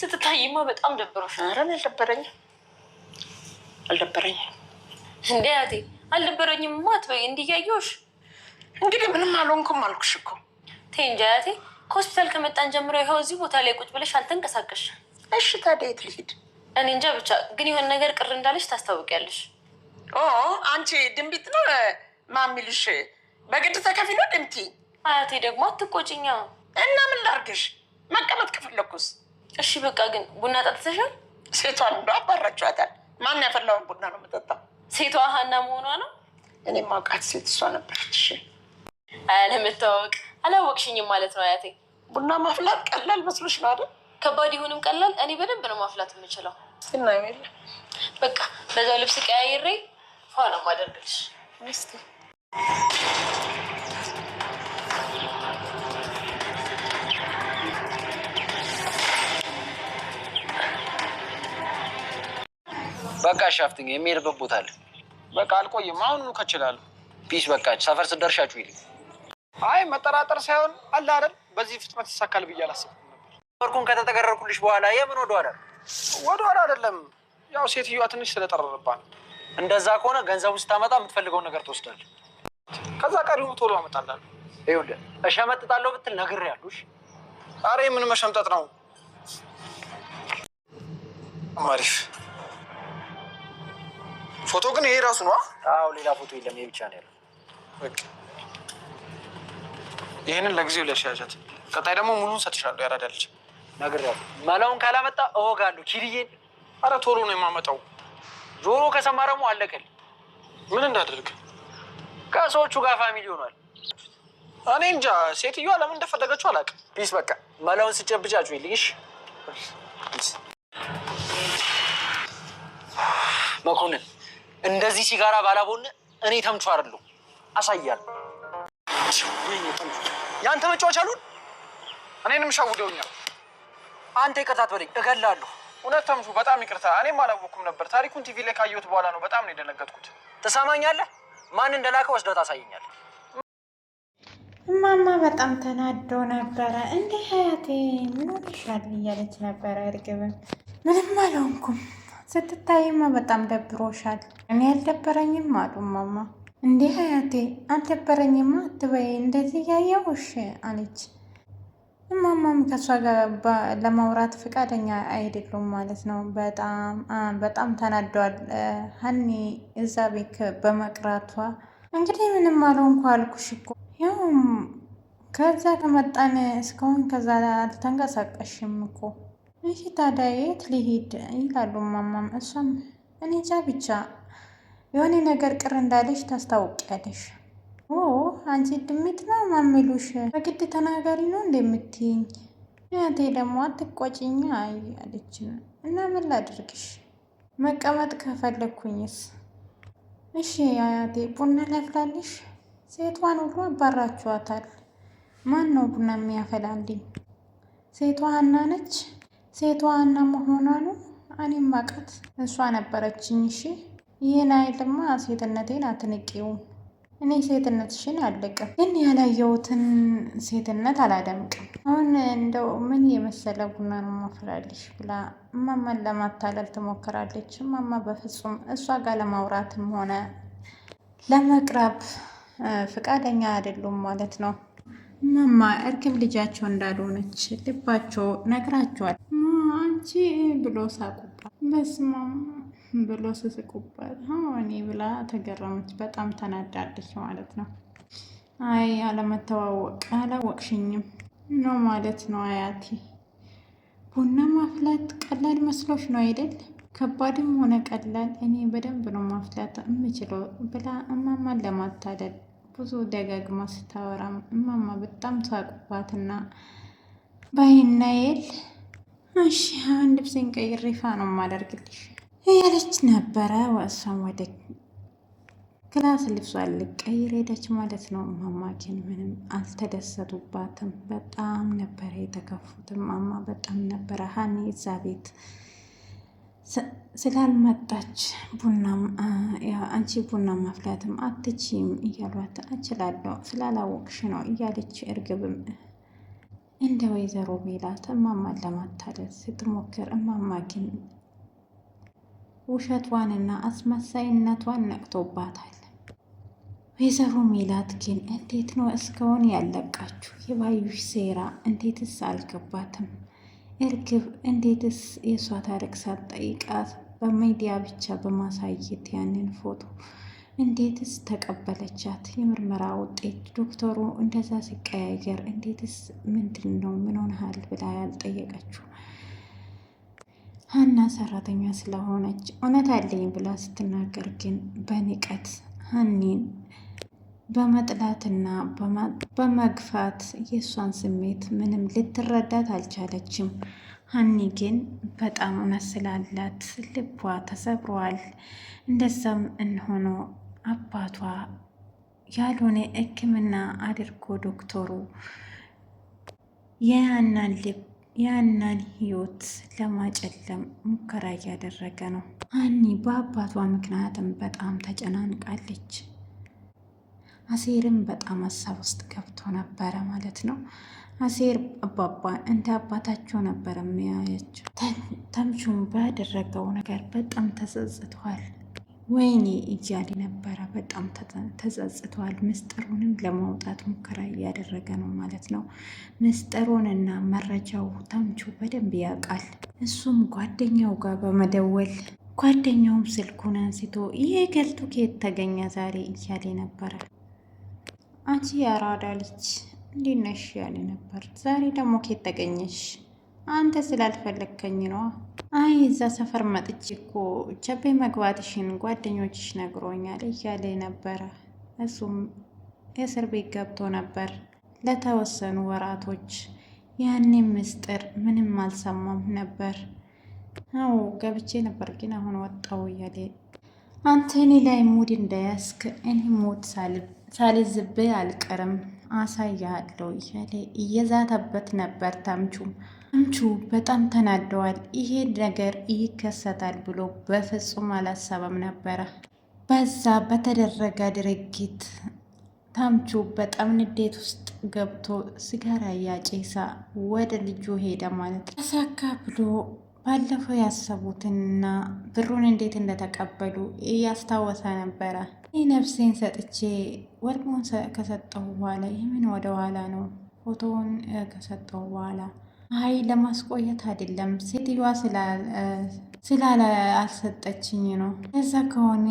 ስትታይማ በጣም ደብሮሽ ነው። ኧረ አልደበረኝም፣ አልደበረኝም። እንደ ያቴ አልደበረኝማ አትበይ። እንዲያየሁሽ እንግዲህ ምንም አልሆንኩም አልኩሽ እኮ ተይ እንጂ አያቴ። ከሆስፒታል ከመጣን ጀምሮ ይኸው እዚህ ቦታ ላይ ቁጭ ብለሽ አልተንቀሳቀስሽም። እሺ ታዲያ የት ልሂድ? እኔ እንጃ ብቻ ግን የሆነ ነገር ቅር እንዳለሽ ታስታውቂያለሽ። ኦ አንቺ ድንቢት ነው ማሚልሽ በግድ ተከፊ ነው ድምቲ። አያቴ ደግሞ አትቆጭኛ። እና ምን ላርግሽ መቀመጥ ከፈለኩስ እሺ በቃ ግን ቡና ጠጥተሻል? ሴቷ እንዶ አባራችኋታል። ማን ያፈላውን ቡና ነው የምጠጣው? ሴቷ ሀና መሆኗ ነው። እኔ ማውቃት ሴት እሷ ነበረች። አለመታወቅ አላወቅሽኝም ማለት ነው አያቴ። ቡና ማፍላት ቀላል መስሎሽ ነው አይደል? ከባድ ይሁንም ቀላል፣ እኔ በደንብ ነው ማፍላት የምችለው። የለ በቃ በዛው ልብስ ቀያይሬ ፏ ነው ማደርግልሽ። በቃ ሻፍትኝ የሚሄድበት ቦታ አለ። በቃ አልቆይም፣ አሁኑኑ ከችላለሁ። ፒስ በቃ ሰፈር ስደርሻችሁ ይል አይ መጠራጠር ሳይሆን አለ አይደል፣ በዚህ ፍጥነት ይሳካል ብዬ አላሰብኩም ወርኩን ከተጠገረርኩልሽ በኋላ የምን ወደ ኋላ ወደ ኋላ አይደለም፣ ያው ሴትዮዋ ትንሽ ነው። እንደዛ ከሆነ ገንዘቡ ስታመጣ የምትፈልገውን ነገር ትወስዳለህ፣ ከዛ ቀሪው ቶሎ አመጣላለሁ። ይኸውልህ እሸመጥጣለሁ ብትል ነግሬያለሁሽ። ኧረ የምን መሸምጠጥ ነው? አሪፍ ፎቶ ግን ይሄ ራሱ ነው። አዎ ሌላ ፎቶ የለም፣ ይሄ ብቻ ነው ያለው። በቃ ይሄንን ለጊዜው ለሻሻት፣ ቀጣይ ደግሞ ሙሉን ሰጥሻለሁ። ያራዳልች ነገር ያለ መላውን ካላመጣ እወጋለሁ ኪልዬን። አረ ቶሎ ነው የማመጣው። ጆሮ ከሰማረሙ አለቀል። ምን እንዳደርግ ከሰዎቹ ጋር ፋሚሊ ሆኗል። እኔ እንጃ ሴትዮዋ ለምን እንደፈለገችው አላውቅም። ፒስ በቃ መላውን ስጨብጫችሁ ይልሽ መኮንን እንደዚህ ሲጋራ ባላቦን እኔ ተምቹ አይደለሁ አሳያል ያንተ መጫወች አሉን እኔንም ሸውደውኛል። አንተ ይቅርታ አትበለኝ እገላለሁ። እውነት ተምቹ በጣም ይቅርታ። እኔም አላወኩም ነበር። ታሪኩን ቲቪ ላይ ካየሁት በኋላ ነው በጣም ነው የደነገጥኩት። ትሰማኛለህ? ማን እንደላከ ወስደት ታሳየኛለህ። እማማ በጣም ተናዶ ነበረ። እንደ ሀያቴ ምን ሆነሻል እያለች ነበረ እርግብም ምንም አልሆንኩም ስትታይማ በጣም ደብሮሻል። እኔ አልደበረኝም አሉ ማማ። እንዴ አያቴ አልደበረኝማ አትበይ እንደዚህ እያየውሽ አለች። እማማም ከእሷ ጋር ለማውራት ፈቃደኛ አይደሉም ማለት ነው። በጣም ተናደዋል ሀኒ እዛ ቤት በመቅራቷ። እንግዲህ ምንም አለው እንኳ አልኩሽ እኮ ያውም ከዛ ከመጣን እስካሁን ከዛ አልተንቀሳቀሽም እኮ እሺ ታዲያ የት ልሂድ ይላሉ ማማም። እሷም እኔ እንጃ ብቻ የሆነ ነገር ቅር እንዳለሽ ታስታውቂያለሽ። ኦ አንቺ ድሚት ነው ማሚሉሽ፣ በግድ ተናጋሪ ነው እንደምትይኝ እህቴ ደግሞ አትቆጭኛ አለች። እና ምን ላድርግሽ መቀመጥ ከፈለግኩኝስ? እሺ አያቴ ቡና ላፍላልሽ? ሴቷን ሁሉ አባራችኋታል። ማን ነው ቡና የሚያፈላልኝ? ሴቷ ሀና ነች። ሴቷ እና መሆኗ ነው። እኔም ማቃት እሷ ነበረችኝ። እሺ ይህን አይልማ ሴትነቴን አትንቂውም። እኔ ሴትነትሽን አልደቅም፣ ግን ያላየሁትን ሴትነት አላደምቅም። አሁን እንደው ምን የመሰለ ቡና ነው ማፈላልሽ ብላ እማማን ለማታለል ትሞክራለች። እማማ በፍጹም እሷ ጋር ለማውራትም ሆነ ለመቅረብ ፍቃደኛ አይደሉም ማለት ነው። እማማ እርግብ ልጃቸው እንዳልሆነች ልባቸው ነግራቸዋል። አንቺ ብሎ ሳቁባት። በስማም ብሎ ስስቁባት። እኔ ብላ ተገረመች። በጣም ተናዳለች ማለት ነው። አይ አለመተዋወቅ አላወቅሽኝም ነው ማለት ነው አያቲ ቡና ማፍላት ቀላል መስሎች ነው አይደል? ከባድም ሆነ ቀላል እኔ በደንብ ነው ማፍላት የምችለው ብላ እማማን ለማታደል ብዙ ደጋግማ ስታወራም እማማ በጣም ሳቁባትና ባይናየል እሺ አሁን ልብሴን ቀይሬ ሪፋ ነው የማደርግልሽ እያለች ነበረ። እሷም ወደ ክላስ ልብሷ ልቀይር ሄደች ማለት ነው። እማማ ምንም አልተደሰቱባትም። በጣም ነበረ የተከፉትም። እማማ በጣም ነበረ ሀኒ እዛ ቤት ስላልመጣች አንቺ ቡና ማፍላትም አትችም እያሏት፣ እችላለሁ ስላላወቅሽ ነው እያለች እርግብም እንደ ወይዘሮ ሜላት እማማን ለማታለል ስትሞክር እማማ ግን ውሸቷንና አስመሳይነቷን ነቅቶባታል። ወይዘሮ ሜላት ግን እንዴት ነው እስካሁን ያለቃችሁ? የባዩሽ ሴራ እንዴትስ አልገባትም? እርግብ እንዴትስ የእሷ ታሪክ ሳትጠይቃት በሚዲያ ብቻ በማሳየት ያንን ፎቶ እንዴትስ ተቀበለቻት? የምርመራ ውጤት ዶክተሩ እንደዛ ሲቀያየር እንዴትስ ምንድን ነው ምን ሆነሃል ብላ ያልጠየቀችው ሀና ሰራተኛ ስለሆነች እውነት አለኝ ብላ ስትናገር ግን በንቀት ሀኒን በመጥላትና በመግፋት የእሷን ስሜት ምንም ልትረዳት አልቻለችም። ሀኒ ግን በጣም እውነት ስላላት ልቧ ተሰብሯል። እንደዛም እንሆኖ አባቷ ያልሆነ ሕክምና አድርጎ ዶክተሩ የያናን ልብ የያናን ህይወት ለማጨለም ሙከራ እያደረገ ነው። አኒ በአባቷ ምክንያትም በጣም ተጨናንቃለች። አሴርም በጣም ሀሳብ ውስጥ ገብቶ ነበረ ማለት ነው። አሴር አባባ እንደ አባታቸው ነበር የሚያያቸው። ተምቹም ባደረገው ነገር በጣም ተጸጽቷል። ወይኔ እያለ ነበረ። በጣም ተጸጽቷል። ምስጢሩንም ለማውጣት ሙከራ እያደረገ ነው ማለት ነው። ምስጢሩንና መረጃው ተምቹ በደንብ ያውቃል። እሱም ጓደኛው ጋር በመደወል ጓደኛውም ስልኩን አንስቶ ይሄ ገልቱ ከየት ተገኘ ዛሬ እያለ ነበረ። አንቺ ያራዳ ልጅ እንዴት ነሽ? ያለ ነበር። ዛሬ ደግሞ ከየት ተገኘሽ አንተ ስላልፈለግከኝ ነው። አይ እዛ ሰፈር መጥቼ እኮ ቸቤ መግባትሽን ጓደኞችሽ ነግሮኛል እያለ ነበረ። እሱም እስር ቤት ገብቶ ነበር ለተወሰኑ ወራቶች። ያኔ ምስጢር ምንም አልሰማም ነበር። አዎ ገብቼ ነበር ግን አሁን ወጣው እያለ አንተ እኔ ላይ ሙድ እንዳያስክ እኔ ሙድ ሳልዝብህ አልቀርም አሳያለሁ እያለ እየዛተበት ነበር። ታምቹም ምቹ በጣም ተናደዋል። ይሄ ነገር ይከሰታል ብሎ በፍጹም አላሰበም ነበረ። በዛ በተደረገ ድርጊት ታምቹ በጣም ንዴት ውስጥ ገብቶ ስጋራ ያጨሳ ወደ ልጁ ሄደ ማለት ተሳካ ብሎ ባለፈው ያሰቡትና ብሩን እንዴት እንደተቀበሉ እያስታወሰ ነበረ። ይህ ነፍሴን ሰጥቼ ወድሞን ከሰጠው በኋላ የምን ወደ ኋላ ነው ፎቶውን ከሰጠው በኋላ አይ ለማስቆየት አይደለም፣ ሴትዮዋ ስላለ አልሰጠችኝ ነው። እዛ ከሆነ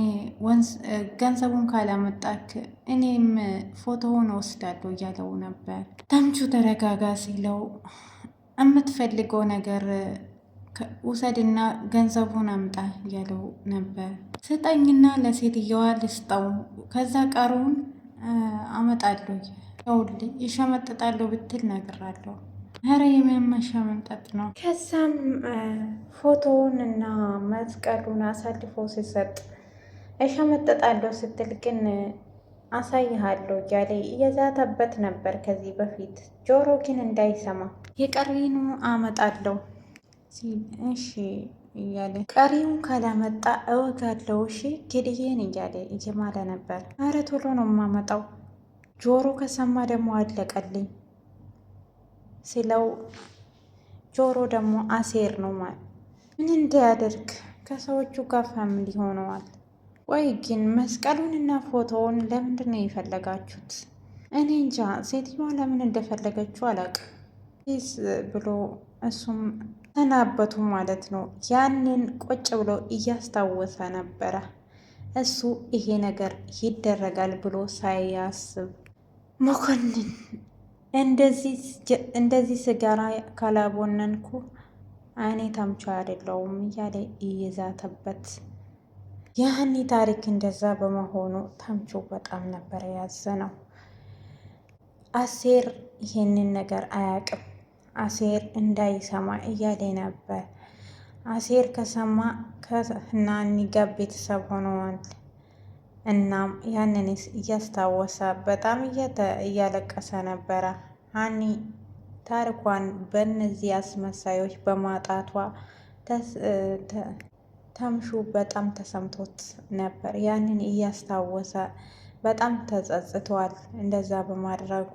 ገንዘቡን ካላመጣክ እኔም ፎቶውን ወስዳለሁ እያለው ነበር። ተምቹ ተረጋጋ ሲለው የምትፈልገው ነገር ውሰድና ገንዘቡን አምጣ እያለው ነበር። ስጠኝና ለሴትየዋ ልስጠው፣ ከዛ ቀሩን አመጣለሁ። ይሸመጥጣለሁ ብትል ነግራለሁ ኧረ የሚያመሻ መምጠጥ ነው። ከዛም ፎቶውን እና መስቀሉን አሳልፎ ሲሰጥ እሻ መጠጣለሁ ስትል ግን አሳይሃለሁ እያለ እየዛተበት ነበር ከዚህ በፊት ጆሮ ግን እንዳይሰማ የቀሪኑ አመጣለሁ ሲል እሺ እያለ ቀሪውን ካላመጣ እወጋለሁ እሺ ግድዬን እያለ እየማለ ነበር። አረ ቶሎ ነው የማመጣው ጆሮ ከሰማ ደግሞ አለቀልኝ ሲለው ጆሮ ደግሞ አሴር ነው ማለት ምን እንዲያደርግ ከሰዎቹ ጋር ፋሚሊ ሆነዋል። ወይ ግን መስቀሉንና ፎቶውን ለምንድን ነው የፈለጋችሁት? እኔ እንጃ ሴትዮዋ ለምን እንደፈለገችው አላውቅም ስ ብሎ እሱም ተናበቱ ማለት ነው። ያንን ቁጭ ብሎ እያስታወሰ ነበረ እሱ ይሄ ነገር ይደረጋል ብሎ ሳያስብ መኮንን እንደዚህ ስጋራ ካላቦነንኩ አይኔ ተምቾ አይደለውም እያለ እየዛተበት ያህኒ ታሪክ እንደዛ በመሆኑ ተምቾ በጣም ነበር ነው። አሴር ይህንን ነገር አያቅም አሴር እንዳይሰማ እያለ ነበር። አሴር ከሰማ ከናኒ ጋር ቤተሰብ ሆነዋል። እናም ያንን እያስታወሰ በጣም እያለቀሰ ነበረ። ሀኒ ታሪኳን በእነዚህ አስመሳዮች በማጣቷ ተምሹ በጣም ተሰምቶት ነበር። ያንን እያስታወሰ በጣም ተጸጽቷል እንደዛ በማድረጉ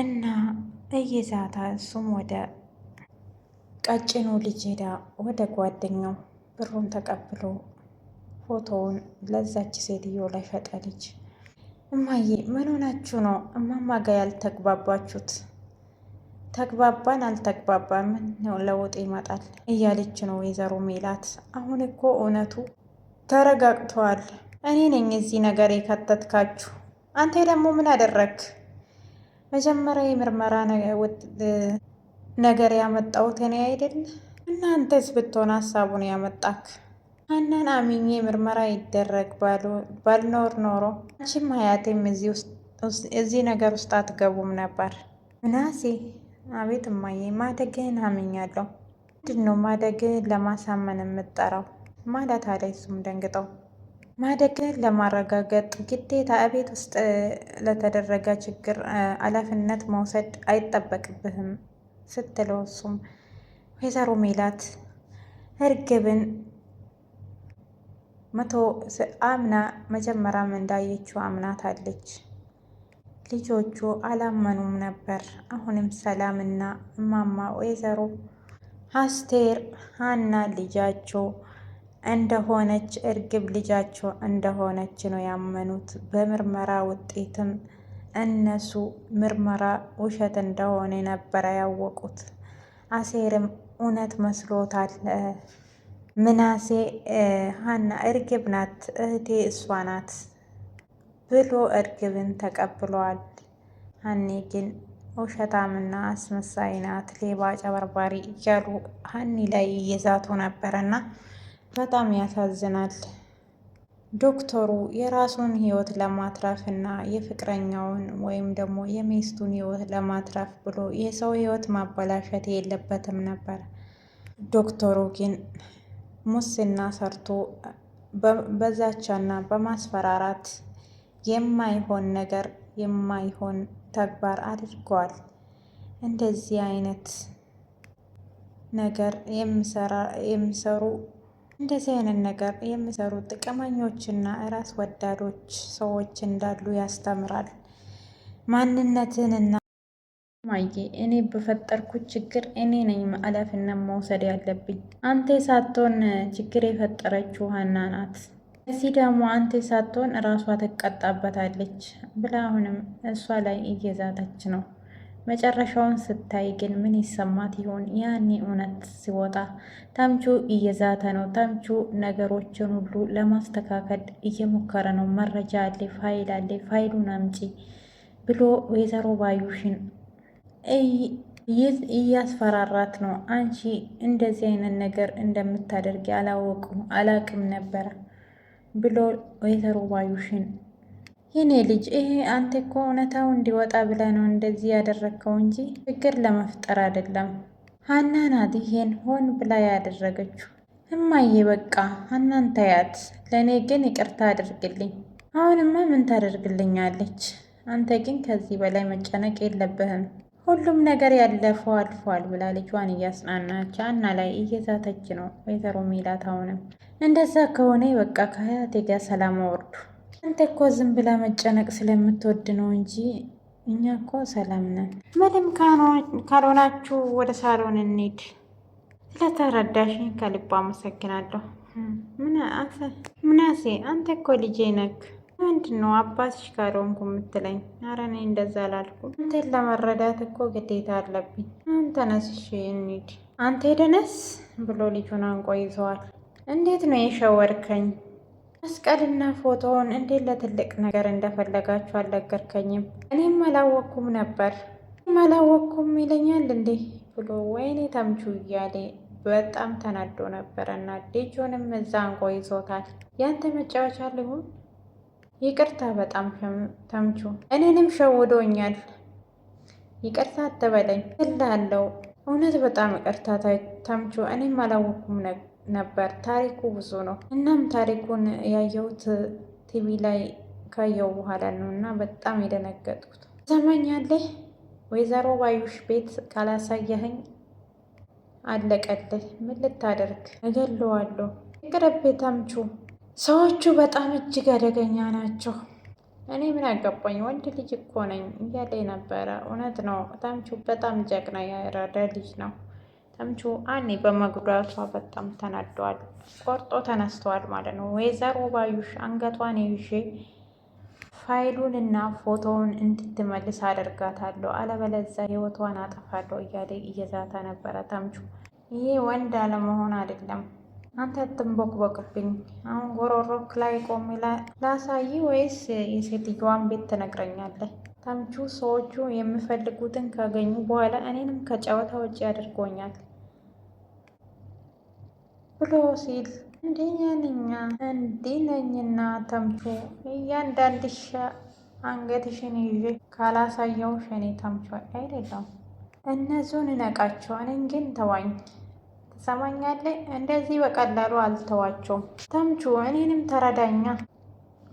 እና እየዛታ እሱም ወደ ቀጭኑ ልጅ ሄዳ ወደ ጓደኛው ብሩን ተቀብሎ ፎቶውን ለዛች ሴትዮ ላይ ፈቀደች። እማዬ ምን ሆናችሁ ነው እማማ ጋ ያልተግባባችሁት? ተግባባን አልተግባባን ምን ለውጥ ይመጣል እያለች ነው ወይዘሮ ሜላት። አሁን እኮ እውነቱ ተረጋግተዋል። እኔ ነኝ እዚህ ነገር የከተትካችሁ። አንተ ደግሞ ምን አደረግ? መጀመሪያ የምርመራ ነገር ያመጣሁት እኔ አይደል? እናንተስ ብትሆን ሀሳቡን ያመጣክ አናን አምኜ ምርመራ ይደረግ ባልኖር ኖሮ አንቺም ሀያቴም እዚህ ነገር ውስጥ አትገቡም ነበር። ምናሴ አቤት እማዬ፣ ማደግህን አምኛለሁ። ምንድን ነው ማደግህን ለማሳመን የምጠራው ማለት አለ። እሱም ደንግጠው ማደግህን ለማረጋገጥ ግዴታ እቤት ውስጥ ለተደረገ ችግር ኃላፊነት መውሰድ አይጠበቅብህም ስትለው እሱም ወይዘሮ ሜላት እርግብን መቶ አምና መጀመሪያም እንዳየችው አምናታለች። ልጆቹ አላመኑም ነበር። አሁንም ሰላም እና እማማ ወይዘሮ አስቴር ሀና ልጃቸው እንደሆነች እርግብ ልጃቸው እንደሆነች ነው ያመኑት። በምርመራ ውጤትም እነሱ ምርመራ ውሸት እንደሆነ ነበረ ያወቁት። አሴርም እውነት መስሎታል። ምናሴ ሀና እርግብ ናት እህቴ እሷ ናት ብሎ እርግብን ተቀብሏል። ሀኔ ግን ውሸታምና አስመሳይ ናት፣ ሌባ ጨበርባሪ እያሉ ሀኒ ላይ እየዛቱ ነበረና በጣም ያሳዝናል። ዶክተሩ የራሱን ህይወት ለማትረፍ እና የፍቅረኛውን ወይም ደግሞ የሚስቱን ህይወት ለማትረፍ ብሎ የሰው ህይወት ማበላሸት የለበትም ነበር። ዶክተሩ ግን ሙስና ሰርቶ በዛቻና በማስፈራራት የማይሆን ነገር የማይሆን ተግባር አድርገዋል። እንደዚህ አይነት ነገር የሚሰሩ እንደዚህ አይነት ነገር የሚሰሩ ጥቅመኞችና ራስ ወዳዶች ሰዎች እንዳሉ ያስተምራል። ማንነትንና ማዬ እኔ በፈጠርኩት ችግር እኔ ነኝ ኃላፊነት መውሰድ ያለብኝ። አንተ ሳትሆን ችግር የፈጠረችው ሀና ናት። እዚህ ደግሞ አንተ ሳትሆን እራሷ ትቀጣበታለች ብላ አሁንም እሷ ላይ እየዛተች ነው። መጨረሻውን ስታይ ግን ምን ይሰማት ይሆን? ያኔ እውነት ሲወጣ ተምቹ እየዛተ ነው። ተምቹ ነገሮችን ሁሉ ለማስተካከል እየሞከረ ነው። መረጃ አለ፣ ፋይል አለ፣ ፋይሉን አምጪ ብሎ ወይዘሮ ባዩሽን እያስፈራራት ነው። አንቺ እንደዚህ አይነት ነገር እንደምታደርጊ ያላወቁ አላቅም ነበረ ብሎ ወይዘሮ ባዩሽን የኔ ልጅ ይሄ አንተ እኮ እውነታው እንዲወጣ ብለህ ነው እንደዚህ ያደረግከው እንጂ ችግር ለመፍጠር አይደለም። ሀና ናት ይሄን ሆን ብላ ያደረገችው። እማዬ በቃ ሀናን ታያት፣ ለእኔ ግን ይቅርታ አድርግልኝ። አሁንማ ምን ታደርግልኛለች? አንተ ግን ከዚህ በላይ መጨነቅ የለብህም። ሁሉም ነገር ያለፈው አልፏል ብላ ልጇን እያጽናናች አና ላይ እየዛተች ነው ወይዘሮ ሜላት። አሁንም እንደዛ ከሆነ በቃ ከሀያቴ ጋ ሰላም አወርዱ። አንተ እኮ ዝም ብላ መጨነቅ ስለምትወድ ነው እንጂ እኛ እኮ ሰላም ነን። ምንም ካልሆናችሁ ወደ ሳሎን እንሂድ። ስለተረዳሽኝ ከልባ አመሰግናለሁ። ምናሴ አንተ እኮ ልጄ ነክ ምንድን ነው አባትሽ ጋር ሆንኩ የምትለኝ? ኧረ እኔ እንደዛ አላልኩም። አንተን ለመረዳት እኮ ግዴታ አለብኝ። አንተ ተነስሽ እንሂድ። አንተ ደነስ ብሎ ልጁን አንቆ ይዘዋል። እንዴት ነው የሸወርከኝ? መስቀልና ፎቶውን እንዴት ለትልቅ ነገር እንደፈለጋችሁ አልነገርከኝም። እኔም አላወቅኩም ነበር አላወቅኩም ይለኛል እንዴ ብሎ ወይኔ ተምቹ እያለ በጣም ተናዶ ነበረና እና ልጁንም እዛ አንቆ ይዞታል። ያንተ መጫወቻ ልሁን ይቅርታ በጣም ተምቹ፣ እኔንም ሸውዶኛል። ይቅርታ አትበለኝ እላለው። እውነት በጣም ይቅርታ ተምቹ፣ እኔም አላወኩም ነበር። ታሪኩ ብዙ ነው። እናም ታሪኩን ያየሁት ቲቪ ላይ ካየው በኋላ ነው እና በጣም የደነገጥኩት። ትሰማኛለህ? ወይዘሮ ባዩሽ ቤት ካላሳየኸኝ አለቀልህ። ምን ልታደርግ? እገለዋለሁ። ይቅርብህ ተምቹ ሰዎቹ በጣም እጅግ አደገኛ ናቸው። እኔ ምን አገባኝ? ወንድ ልጅ እኮ ነኝ እያለ ነበረ። እውነት ነው። ተምቹ በጣም ጀግና ያራዳ ልጅ ነው። ተምቹ አኔ በመጉዳቷ በጣም ተናደዋል። ቆርጦ ተነስተዋል ማለት ነው። ወይዘሮ ባዩሽ አንገቷን ይዤ ፋይሉንና ፎቶውን እንድትመልስ አደርጋታለሁ፣ አለበለዚያ ህይወቷን አጠፋለሁ እያለ እየዛተ ነበረ ተምቹ። ይሄ ወንድ አለመሆን አይደለም አንተ በቅብኝ! አሁን ጎሮሮክ ላይ ቆም ላሳይ ወይስ የሴትዮዋን ቤት ትነግረኛለህ? ተምቹ ሰዎቹ የሚፈልጉትን ካገኙ በኋላ እኔንም ከጨዋታ ውጭ አድርጎኛል ብሎ ሲል እንዲነኛ እንዲነኝና ተምቹ እያንዳንድሽ አንገትሽን ይዤ ካላሳየው ሸኔ ተምቹ አይደለም እነቃቸው እኔን ግን ተዋኝ ሰማኛለኝ። እንደዚህ በቀላሉ አልተዋቸውም። ተምቹ እኔንም ተረዳኛ።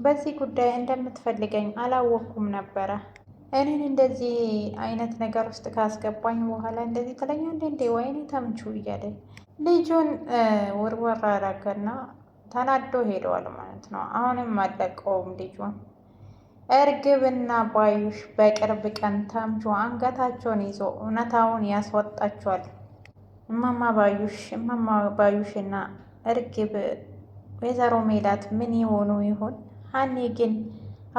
በዚህ ጉዳይ እንደምትፈልገኝ አላወቅኩም ነበረ። እኔን እንደዚህ አይነት ነገር ውስጥ ካስገባኝ በኋላ እንደዚህ ትለኛለህ እንዴ? ወይኔ ተምቹ እያለ ልጁን ውርወር አደረገና ተናዶ ሄደዋል ማለት ነው። አሁንም አለቀውም ልጁን። እርግብና ባዩሽ በቅርብ ቀን ተምቹ አንገታቸውን ይዞ እውነታውን ያስወጣቸዋል። እማማ ባዩሽ እማማ እና እርግብ ወይዘሮ ሜላት ምን የሆኑ ይሆን? ሀኔ ግን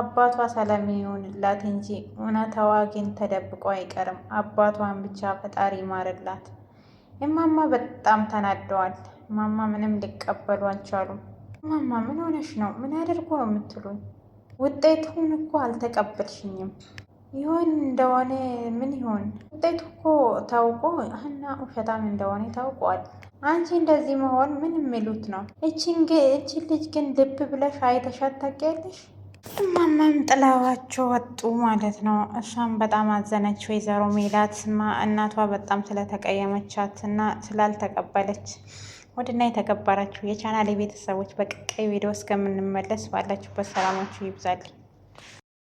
አባቷ ሰላም ይሆንላት እንጂ እውነታዋ ግን ተደብቆ አይቀርም። አባቷን ብቻ ፈጣሪ ይማርላት። እማማ በጣም ተናደዋል። እማማ ምንም ሊቀበሉ አልቻሉም። እማማ ምን ሆነሽ ነው? ምን አድርጎ ነው የምትሉኝ? ውጤቱን እኮ አልተቀበልሽኝም። ይሆን እንደሆነ ምን ይሆን ውጤቱ እኮ ታውቆ ሀና ውሸታም እንደሆነ ታውቋል። አንቺ እንደዚህ መሆን ምን የሚሉት ነው? እችን እችን ልጅ ግን ልብ ብለሽ አይተሻት ታውቂያለሽ? እማማም ጥላዋቸው ወጡ ማለት ነው። እሷም በጣም አዘነች። ወይዘሮ ሜላት እናቷ በጣም ስለተቀየመቻት እና ስላልተቀበለች ወድና የተከበራችሁ የቻናል ቤተሰቦች በቀጣይ ቪዲዮ እስከምንመለስ ባላችሁበት ሰላማችሁ ይብዛልኝ።